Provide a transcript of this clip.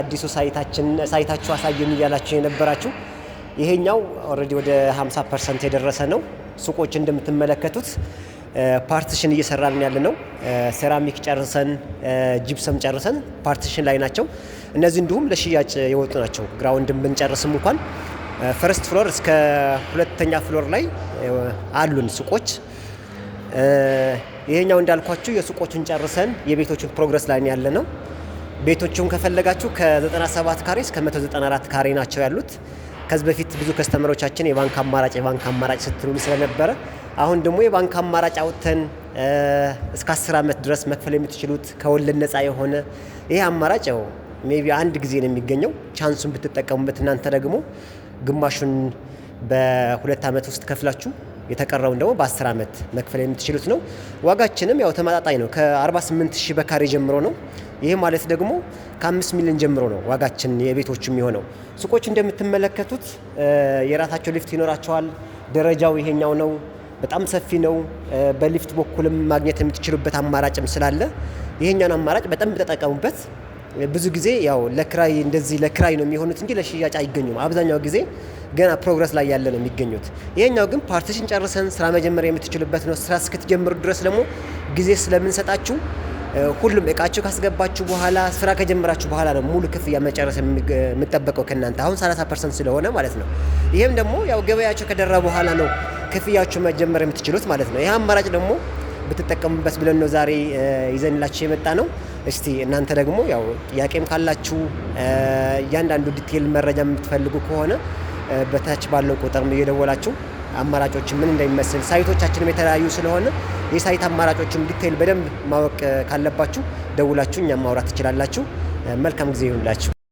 አዲሱ ሳይታችን ሳይታችሁ አሳየን እያላችሁ የነበራችሁ ይሄኛው ኦልሬዲ ወደ 50 ፐርሰንት የደረሰ ነው። ሱቆች እንደምትመለከቱት ፓርቲሽን እየሰራን ያለ ነው። ሴራሚክ ጨርሰን ጂፕሰም ጨርሰን ፓርቲሽን ላይ ናቸው እነዚህ። እንዲሁም ለሽያጭ የወጡ ናቸው። ግራውንድን ብንጨርስም እንኳን ፈርስት ፍሎር እስከ ሁለተኛ ፍሎር ላይ አሉን ሱቆች። ይሄኛው እንዳልኳችሁ የሱቆቹን ጨርሰን የቤቶቹን ፕሮግረስ ላይ ያለ ነው። ቤቶቹን ከፈለጋችሁ ከ97 ካሬ እስከ 194 ካሬ ናቸው ያሉት። ከዚህ በፊት ብዙ ከስተመሮቻችን የባንክ አማራጭ የባንክ አማራጭ ስትሉ ስለነበረ አሁን ደግሞ የባንክ አማራጭ አውጥተን እስከ 10 ዓመት ድረስ መክፈል የምትችሉት ከወለድ ነፃ የሆነ ይህ አማራጭ ያው ሜቢ አንድ ጊዜ ነው የሚገኘው። ቻንሱን ብትጠቀሙበት እናንተ ደግሞ ግማሹን በሁለት ዓመት ውስጥ ከፍላችሁ የተቀረውን ደግሞ በ10 ዓመት መክፈል የምትችሉት ነው። ዋጋችንም ያው ተመጣጣኝ ነው። ከ48 ሺህ በካሬ ጀምሮ ነው። ይህ ማለት ደግሞ ከ5 ሚሊዮን ጀምሮ ነው ዋጋችን የቤቶች የሚሆነው። ሱቆች እንደምትመለከቱት የራሳቸው ሊፍት ይኖራቸዋል። ደረጃው ይሄኛው ነው። በጣም ሰፊ ነው። በሊፍት በኩልም ማግኘት የምትችሉበት አማራጭም ስላለ ይሄኛውን አማራጭ በጣም ተጠቀሙበት። ብዙ ጊዜ ያው ለክራይ እንደዚህ ለክራይ ነው የሚሆኑት እንጂ ለሽያጭ አይገኙም። አብዛኛው ጊዜ ገና ፕሮግረስ ላይ ያለ ነው የሚገኙት። ይሄኛው ግን ፓርቲሽን ጨርሰን ስራ መጀመር የምትችሉበት ነው። ስራ እስክትጀምሩ ድረስ ደግሞ ጊዜ ስለምንሰጣችሁ ሁሉም እቃችሁ ካስገባችሁ በኋላ ስራ ከጀመራችሁ በኋላ ነው ሙሉ ክፍያ መጨረስ የምጠበቀው ከእናንተ አሁን 30 ፐርሰንት ስለሆነ ማለት ነው። ይህም ደግሞ ያው ገበያቸው ከደራ በኋላ ነው ክፍያችሁ መጀመር የምትችሉት ማለት ነው። ይህ አማራጭ ደግሞ ብትጠቀሙበት ብለን ነው ዛሬ ይዘንላችሁ የመጣ ነው። እስቲ እናንተ ደግሞ ያው ጥያቄም ካላችሁ እያንዳንዱ ዲቴል መረጃ የምትፈልጉ ከሆነ በታች ባለው ቁጥር እየደወላችሁ አማራጮችን ምን እንደሚመስል ሳይቶቻችንም የተለያዩ ስለሆነ የሳይት አማራጮችም ዲቴይል በደንብ ማወቅ ካለባችሁ ደውላችሁ እኛም ማውራት ትችላላችሁ። መልካም ጊዜ ይሁንላችሁ።